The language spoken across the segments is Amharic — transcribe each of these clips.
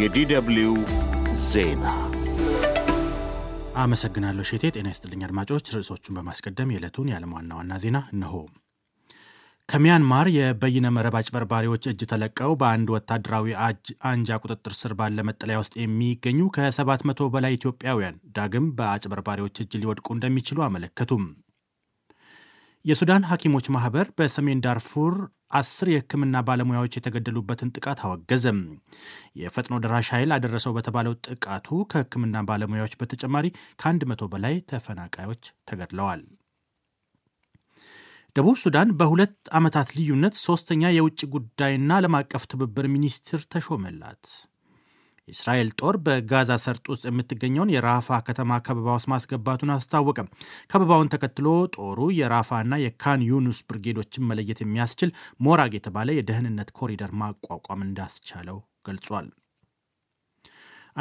የዲደብልዩ ዜና አመሰግናለሁ ሼቴ። ጤና ይስጥልኝ አድማጮች። ርዕሶቹን በማስቀደም የዕለቱን የዓለም ዋና ዋና ዜና እነሆ። ከሚያንማር የበይነ መረብ አጭበርባሪዎች እጅ ተለቀው በአንድ ወታደራዊ አንጃ ቁጥጥር ስር ባለ መጠለያ ውስጥ የሚገኙ ከ700 በላይ ኢትዮጵያውያን ዳግም በአጭበርባሪዎች እጅ ሊወድቁ እንደሚችሉ አመለከቱም። የሱዳን ሐኪሞች ማህበር በሰሜን ዳርፉር አስር የሕክምና ባለሙያዎች የተገደሉበትን ጥቃት አወገዘም። የፈጥኖ ደራሽ ኃይል አደረሰው በተባለው ጥቃቱ ከሕክምና ባለሙያዎች በተጨማሪ ከአንድ መቶ በላይ ተፈናቃዮች ተገድለዋል። ደቡብ ሱዳን በሁለት ዓመታት ልዩነት ሶስተኛ የውጭ ጉዳይና ዓለም አቀፍ ትብብር ሚኒስትር ተሾመላት። የእስራኤል ጦር በጋዛ ሰርጥ ውስጥ የምትገኘውን የራፋ ከተማ ከበባ ውስጥ ማስገባቱን አስታወቀ። ከበባውን ተከትሎ ጦሩ የራፋና የካን ዩኑስ ብርጌዶችን መለየት የሚያስችል ሞራግ የተባለ የደህንነት ኮሪደር ማቋቋም እንዳስቻለው ገልጿል።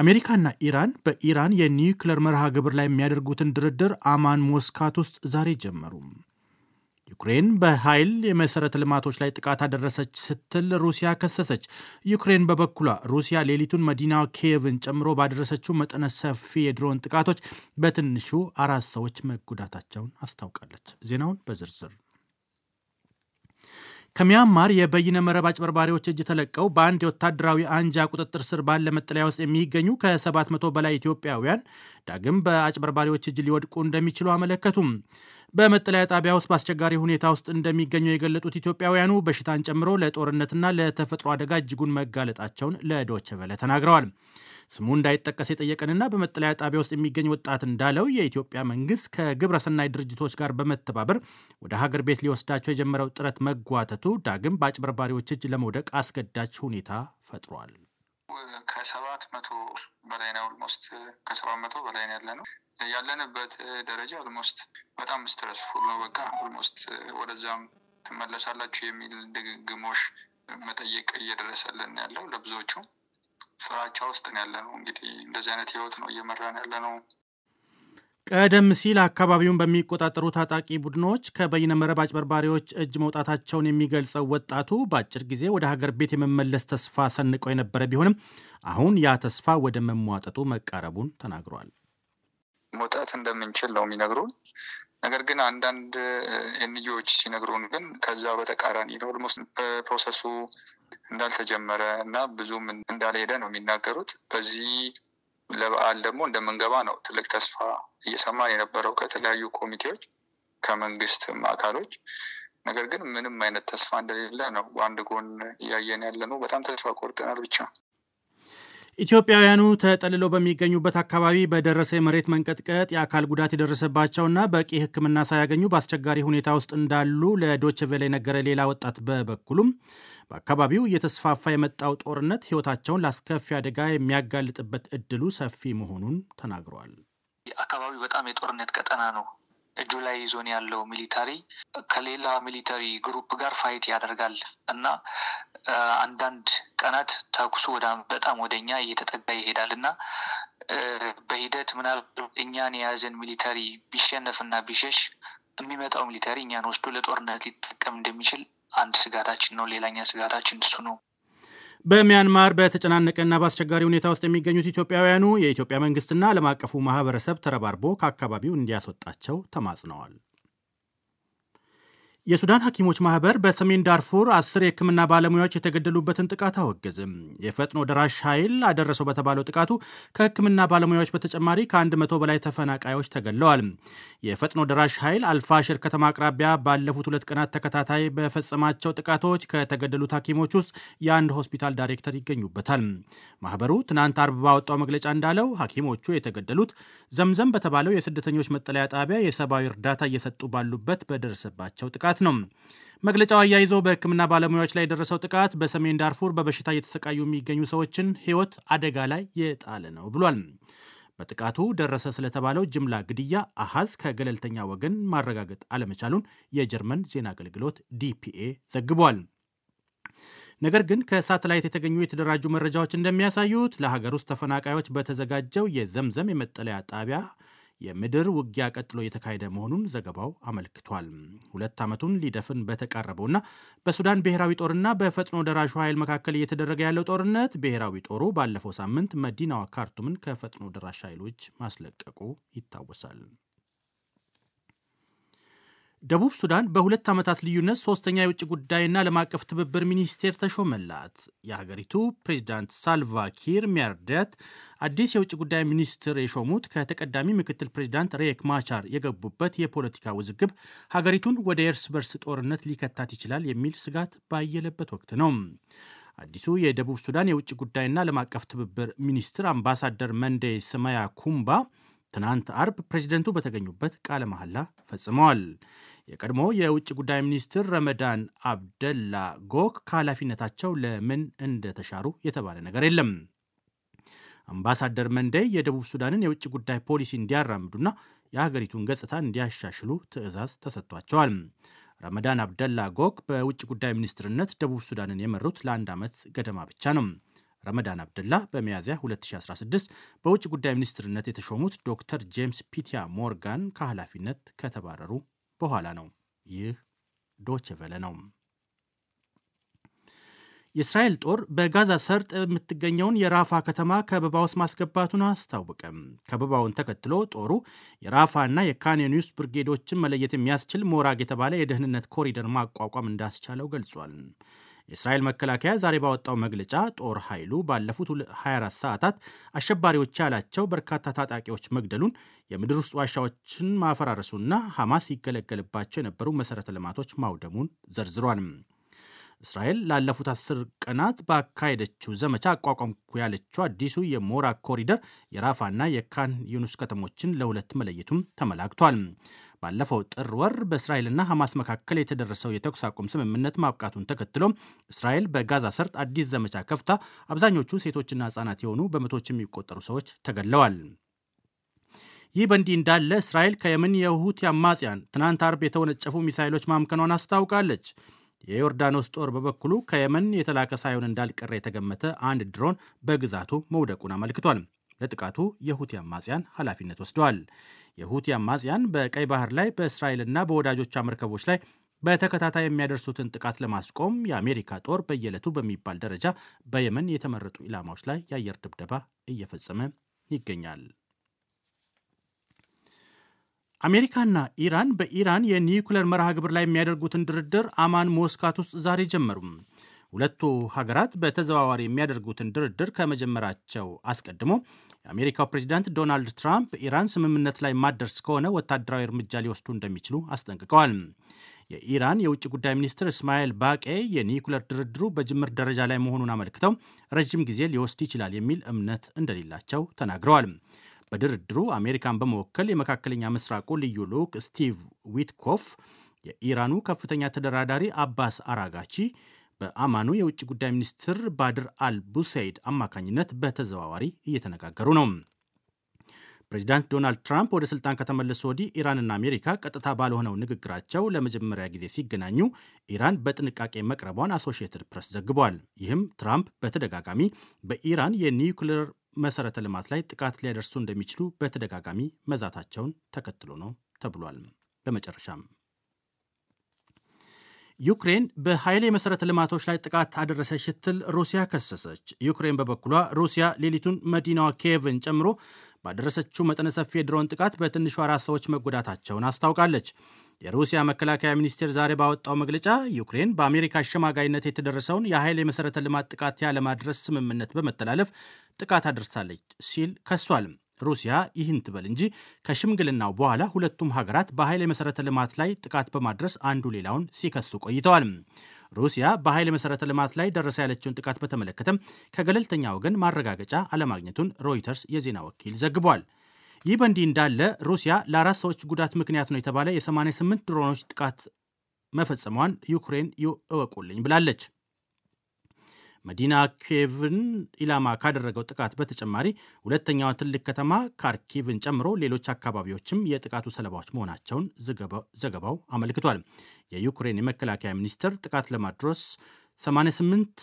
አሜሪካና ኢራን በኢራን የኒውክለር መርሃ ግብር ላይ የሚያደርጉትን ድርድር አማን ሞስካት ውስጥ ዛሬ ጀመሩ። ዩክሬን በኃይል የመሠረተ ልማቶች ላይ ጥቃት አደረሰች ስትል ሩሲያ ከሰሰች። ዩክሬን በበኩሏ ሩሲያ ሌሊቱን መዲና ኪየቭን ጨምሮ ባደረሰችው መጠነ ሰፊ የድሮን ጥቃቶች በትንሹ አራት ሰዎች መጎዳታቸውን አስታውቃለች። ዜናውን በዝርዝር ከሚያንማር የበይነ መረብ አጭበርባሪዎች እጅ ተለቀው በአንድ የወታደራዊ አንጃ ቁጥጥር ስር ባለ መጠለያ ውስጥ የሚገኙ ከ700 በላይ ኢትዮጵያውያን ዳግም በአጭበርባሪዎች እጅ ሊወድቁ እንደሚችሉ አመለከቱም። በመጠለያ ጣቢያ ውስጥ በአስቸጋሪ ሁኔታ ውስጥ እንደሚገኙ የገለጡት ኢትዮጵያውያኑ በሽታን ጨምሮ ለጦርነትና ለተፈጥሮ አደጋ እጅጉን መጋለጣቸውን ለዶችቨለ ተናግረዋል። ስሙ እንዳይጠቀስ የጠየቀንና በመጠለያ ጣቢያ ውስጥ የሚገኝ ወጣት እንዳለው የኢትዮጵያ መንግስት ከግብረ ሰናይ ድርጅቶች ጋር በመተባበር ወደ ሀገር ቤት ሊወስዳቸው የጀመረው ጥረት መጓተቱ ዳግም በአጭበርባሪዎች እጅ ለመውደቅ አስገዳጅ ሁኔታ ፈጥሯል። ከሰባት መቶ በላይ ነው ኦልሞስት ከሰባት መቶ በላይ ነው ያለ ነው ያለንበት ደረጃ ኦልሞስት በጣም ስትረስፉል ነው። በቃ ኦልሞስት ወደዛም ትመለሳላችሁ የሚል ድግግሞሽ መጠየቅ እየደረሰልን ያለው ለብዙዎቹም ፍራቻ ውስጥ ነው ያለ ነው። እንግዲህ እንደዚህ አይነት ህይወት ነው እየመራን ያለ ነው። ቀደም ሲል አካባቢውን በሚቆጣጠሩ ታጣቂ ቡድኖች መረብ አጭበርባሪዎች እጅ መውጣታቸውን የሚገልጸው ወጣቱ በአጭር ጊዜ ወደ ሀገር ቤት የመመለስ ተስፋ ሰንቀው የነበረ ቢሆንም አሁን ያ ተስፋ ወደ መሟጠጡ መቃረቡን ተናግሯል። መውጣት እንደምንችል ነው የሚነግሩን። ነገር ግን አንዳንድ ኤንጂዎች ሲነግሩን ግን ከዛ በተቃራኒ ኦልሞስት በፕሮሰሱ እንዳልተጀመረ እና ብዙም እንዳልሄደ ነው የሚናገሩት። በዚህ ለበዓል ደግሞ እንደምንገባ ነው ትልቅ ተስፋ እየሰማን የነበረው ከተለያዩ ኮሚቴዎች፣ ከመንግስትም አካሎች። ነገር ግን ምንም አይነት ተስፋ እንደሌለ ነው አንድ ጎን እያየን ያለ ነው። በጣም ተስፋ ቆርጠናል ብቻ ኢትዮጵያውያኑ ተጠልለው በሚገኙበት አካባቢ በደረሰ የመሬት መንቀጥቀጥ የአካል ጉዳት የደረሰባቸውና በቂ ሕክምና ሳያገኙ በአስቸጋሪ ሁኔታ ውስጥ እንዳሉ ለዶችቬለ የነገረ ሌላ ወጣት በበኩሉም በአካባቢው እየተስፋፋ የመጣው ጦርነት ሕይወታቸውን ላስከፊ አደጋ የሚያጋልጥበት እድሉ ሰፊ መሆኑን ተናግሯል። አካባቢው በጣም የጦርነት ቀጠና ነው። እጁ ላይ ይዞን ያለው ሚሊተሪ ከሌላ ሚሊተሪ ግሩፕ ጋር ፋይት ያደርጋል እና አንዳንድ ቀናት ተኩሱ በጣም ወደ እኛ እየተጠጋ ይሄዳል እና በሂደት ምናልባት እኛን የያዘን ሚሊተሪ ቢሸነፍ እና ቢሸሽ የሚመጣው ሚሊተሪ እኛን ወስዶ ለጦርነት ሊጠቀም እንደሚችል አንድ ስጋታችን ነው። ሌላኛ ስጋታችን እሱ ነው። በሚያንማር በተጨናነቀና በአስቸጋሪ ሁኔታ ውስጥ የሚገኙት ኢትዮጵያውያኑ የኢትዮጵያ መንግስትና ዓለም አቀፉ ማህበረሰብ ተረባርቦ ከአካባቢው እንዲያስወጣቸው ተማጽነዋል። የሱዳን ሐኪሞች ማህበር በሰሜን ዳርፉር አስር የሕክምና ባለሙያዎች የተገደሉበትን ጥቃት አወገዝም። የፈጥኖ ደራሽ ኃይል አደረሰው በተባለው ጥቃቱ ከሕክምና ባለሙያዎች በተጨማሪ ከአንድ መቶ በላይ ተፈናቃዮች ተገድለዋል። የፈጥኖ ደራሽ ኃይል አልፋሽር ከተማ አቅራቢያ ባለፉት ሁለት ቀናት ተከታታይ በፈጸማቸው ጥቃቶች ከተገደሉት ሐኪሞች ውስጥ የአንድ ሆስፒታል ዳይሬክተር ይገኙበታል። ማህበሩ ትናንት አርብ ባወጣው መግለጫ እንዳለው ሐኪሞቹ የተገደሉት ዘምዘም በተባለው የስደተኞች መጠለያ ጣቢያ የሰብአዊ እርዳታ እየሰጡ ባሉበት በደረሰባቸው ጥቃት ጥቃት ነው። መግለጫው አያይዞ በሕክምና ባለሙያዎች ላይ የደረሰው ጥቃት በሰሜን ዳርፉር በበሽታ እየተሰቃዩ የሚገኙ ሰዎችን ሕይወት አደጋ ላይ የጣለ ነው ብሏል። በጥቃቱ ደረሰ ስለተባለው ጅምላ ግድያ አሃዝ ከገለልተኛ ወገን ማረጋገጥ አለመቻሉን የጀርመን ዜና አገልግሎት ዲፒኤ ዘግቧል። ነገር ግን ከሳተላይት የተገኙ የተደራጁ መረጃዎች እንደሚያሳዩት ለሀገር ውስጥ ተፈናቃዮች በተዘጋጀው የዘምዘም የመጠለያ ጣቢያ የምድር ውጊያ ቀጥሎ የተካሄደ መሆኑን ዘገባው አመልክቷል። ሁለት ዓመቱን ሊደፍን በተቃረበውና በሱዳን ብሔራዊ ጦርና በፈጥኖ ደራሹ ኃይል መካከል እየተደረገ ያለው ጦርነት ብሔራዊ ጦሩ ባለፈው ሳምንት መዲናዋ ካርቱምን ከፈጥኖ ደራሽ ኃይሎች ማስለቀቁ ይታወሳል። ደቡብ ሱዳን በሁለት ዓመታት ልዩነት ሶስተኛ የውጭ ጉዳይና ዓለም አቀፍ ትብብር ሚኒስቴር ተሾመላት። የሀገሪቱ ፕሬዚዳንት ሳልቫ ኪር ሚያርደት አዲስ የውጭ ጉዳይ ሚኒስትር የሾሙት ከተቀዳሚ ምክትል ፕሬዚዳንት ሬክ ማቻር የገቡበት የፖለቲካ ውዝግብ ሀገሪቱን ወደ የእርስ በርስ ጦርነት ሊከታት ይችላል የሚል ስጋት ባየለበት ወቅት ነው። አዲሱ የደቡብ ሱዳን የውጭ ጉዳይና ዓለም አቀፍ ትብብር ሚኒስትር አምባሳደር መንዴ ስማያ ኩምባ ትናንት አርብ ፕሬዚደንቱ በተገኙበት ቃለ መሐላ ፈጽመዋል። የቀድሞ የውጭ ጉዳይ ሚኒስትር ረመዳን አብደላ ጎክ ከኃላፊነታቸው ለምን እንደተሻሩ የተባለ ነገር የለም። አምባሳደር መንደይ የደቡብ ሱዳንን የውጭ ጉዳይ ፖሊሲ እንዲያራምዱና የሀገሪቱን ገጽታ እንዲያሻሽሉ ትዕዛዝ ተሰጥቷቸዋል። ረመዳን አብደላ ጎክ በውጭ ጉዳይ ሚኒስትርነት ደቡብ ሱዳንን የመሩት ለአንድ ዓመት ገደማ ብቻ ነው። ረመዳን አብደላ በሚያዝያ 2016 በውጭ ጉዳይ ሚኒስትርነት የተሾሙት ዶክተር ጄምስ ፒቲያ ሞርጋን ከኃላፊነት ከተባረሩ በኋላ ነው። ይህ ዶችቨለ ነው። የእስራኤል ጦር በጋዛ ሰርጥ የምትገኘውን የራፋ ከተማ ከበባ ውስጥ ማስገባቱን አስታወቀም። ከበባውን ተከትሎ ጦሩ የራፋና የካን ዩኒስ ብርጌዶችን መለየት የሚያስችል ሞራግ የተባለ የደህንነት ኮሪደር ማቋቋም እንዳስቻለው ገልጿል። የእስራኤል መከላከያ ዛሬ ባወጣው መግለጫ ጦር ኃይሉ ባለፉት 24 ሰዓታት አሸባሪዎች ያላቸው በርካታ ታጣቂዎች መግደሉን፣ የምድር ውስጥ ዋሻዎችን ማፈራረሱና ሐማስ ይገለገልባቸው የነበሩ መሠረተ ልማቶች ማውደሙን ዘርዝሯል። እስራኤል ላለፉት አስር ቀናት ባካሄደችው ዘመቻ አቋቋምኩ ያለችው አዲሱ የሞራ ኮሪደር የራፋና የካን ዩኑስ ከተሞችን ለሁለት መለየቱም ተመላክቷል። ባለፈው ጥር ወር በእስራኤልና ሐማስ መካከል የተደረሰው የተኩስ አቁም ስምምነት ማብቃቱን ተከትሎ እስራኤል በጋዛ ሰርጥ አዲስ ዘመቻ ከፍታ አብዛኞቹ ሴቶችና ሕጻናት የሆኑ በመቶዎች የሚቆጠሩ ሰዎች ተገድለዋል። ይህ በእንዲህ እንዳለ እስራኤል ከየመን የሁቲ አማጽያን ትናንት አርብ የተወነጨፉ ሚሳይሎች ማምከኗን አስታውቃለች። የዮርዳኖስ ጦር በበኩሉ ከየመን የተላከ ሳይሆን እንዳልቀረ የተገመተ አንድ ድሮን በግዛቱ መውደቁን አመልክቷል። ለጥቃቱ የሁቲ አማጽያን ኃላፊነት ወስደዋል። የሁቲ አማጽያን በቀይ ባህር ላይ በእስራኤልና በወዳጆቿ መርከቦች ላይ በተከታታይ የሚያደርሱትን ጥቃት ለማስቆም የአሜሪካ ጦር በየዕለቱ በሚባል ደረጃ በየመን የተመረጡ ኢላማዎች ላይ የአየር ድብደባ እየፈጸመ ይገኛል። አሜሪካና ኢራን በኢራን የኒውክለር መርሃ ግብር ላይ የሚያደርጉትን ድርድር አማን ሞስካት ውስጥ ዛሬ ጀመሩም። ሁለቱ ሀገራት በተዘዋዋሪ የሚያደርጉትን ድርድር ከመጀመራቸው አስቀድሞ የአሜሪካው ፕሬዚዳንት ዶናልድ ትራምፕ ኢራን ስምምነት ላይ ማደርስ ከሆነ ወታደራዊ እርምጃ ሊወስዱ እንደሚችሉ አስጠንቅቀዋል። የኢራን የውጭ ጉዳይ ሚኒስትር እስማኤል ባቄ የኒውክለር ድርድሩ በጅምር ደረጃ ላይ መሆኑን አመልክተው ረዥም ጊዜ ሊወስድ ይችላል የሚል እምነት እንደሌላቸው ተናግረዋል። በድርድሩ አሜሪካን በመወከል የመካከለኛ ምስራቁ ልዩ ልዑክ ስቲቭ ዊትኮፍ፣ የኢራኑ ከፍተኛ ተደራዳሪ አባስ አራጋቺ በአማኑ የውጭ ጉዳይ ሚኒስትር ባድር አል ቡሰይድ አማካኝነት በተዘዋዋሪ እየተነጋገሩ ነው። ፕሬዚዳንት ዶናልድ ትራምፕ ወደ ስልጣን ከተመለሱ ወዲህ ኢራንና አሜሪካ ቀጥታ ባልሆነው ንግግራቸው ለመጀመሪያ ጊዜ ሲገናኙ ኢራን በጥንቃቄ መቅረቧን አሶሺየትድ ፕሬስ ዘግቧል። ይህም ትራምፕ በተደጋጋሚ በኢራን የኒውክሌር መሰረተ ልማት ላይ ጥቃት ሊያደርሱ እንደሚችሉ በተደጋጋሚ መዛታቸውን ተከትሎ ነው ተብሏል። በመጨረሻም ዩክሬን በኃይል የመሠረተ ልማቶች ላይ ጥቃት አደረሰች ስትል ሩሲያ ከሰሰች። ዩክሬን በበኩሏ ሩሲያ ሌሊቱን መዲናዋ ኪየቭን ጨምሮ ባደረሰችው መጠነ ሰፊ የድሮን ጥቃት በትንሹ አራት ሰዎች መጎዳታቸውን አስታውቃለች። የሩሲያ መከላከያ ሚኒስቴር ዛሬ ባወጣው መግለጫ ዩክሬን በአሜሪካ አሸማጋይነት የተደረሰውን የኃይል የመሠረተ ልማት ጥቃት ያለማድረስ ስምምነት በመተላለፍ ጥቃት አድርሳለች ሲል ከሷል። ሩሲያ ይህን ትበል እንጂ ከሽምግልናው በኋላ ሁለቱም ሀገራት በኃይል የመሠረተ ልማት ላይ ጥቃት በማድረስ አንዱ ሌላውን ሲከሱ ቆይተዋል። ሩሲያ በኃይል መሠረተ ልማት ላይ ደረሰ ያለችውን ጥቃት በተመለከተም ከገለልተኛ ወገን ማረጋገጫ አለማግኘቱን ሮይተርስ የዜና ወኪል ዘግቧል። ይህ በእንዲህ እንዳለ ሩሲያ ለአራት ሰዎች ጉዳት ምክንያት ነው የተባለ የ88 ድሮኖች ጥቃት መፈጸሟን ዩክሬን እወቁልኝ ብላለች። መዲና ኪየቭን ኢላማ ካደረገው ጥቃት በተጨማሪ ሁለተኛዋ ትልቅ ከተማ ካርኪቭን ጨምሮ ሌሎች አካባቢዎችም የጥቃቱ ሰለባዎች መሆናቸውን ዘገባው አመልክቷል። የዩክሬን የመከላከያ ሚኒስትር ጥቃት ለማድረስ 88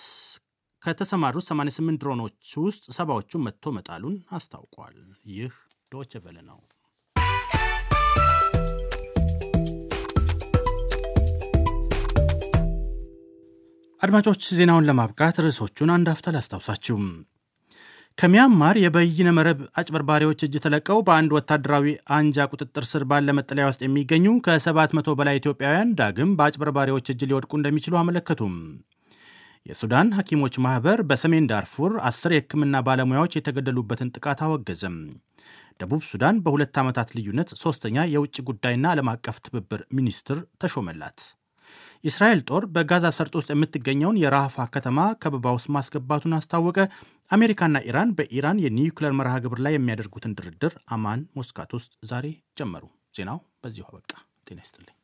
ከተሰማሩት 88 ድሮኖች ውስጥ ሰባዎቹ መጥቶ መጣሉን አስታውቋል። ይህ ዶች ቨለ ነው። አድማጮች ዜናውን ለማብቃት ርዕሶቹን አንድ አፍታ ላስታውሳችሁ። ከሚያንማር የበይነ መረብ አጭበርባሪዎች እጅ ተለቀው በአንድ ወታደራዊ አንጃ ቁጥጥር ስር ባለ መጠለያ ውስጥ የሚገኙ ከ700 በላይ ኢትዮጵያውያን ዳግም በአጭበርባሪዎች እጅ ሊወድቁ እንደሚችሉ አመለከቱም። የሱዳን ሐኪሞች ማኅበር በሰሜን ዳርፉር አስር የሕክምና ባለሙያዎች የተገደሉበትን ጥቃት አወገዘም። ደቡብ ሱዳን በሁለት ዓመታት ልዩነት ሦስተኛ የውጭ ጉዳይና ዓለም አቀፍ ትብብር ሚኒስትር ተሾመላት። የእስራኤል ጦር በጋዛ ሰርጥ ውስጥ የምትገኘውን የራፋ ከተማ ከበባ ውስጥ ማስገባቱን አስታወቀ። አሜሪካና ኢራን በኢራን የኒውክሌር መርሃ ግብር ላይ የሚያደርጉትን ድርድር አማን ሞስካት ውስጥ ዛሬ ጀመሩ። ዜናው በዚሁ አበቃ። ጤና ይስጥልኝ።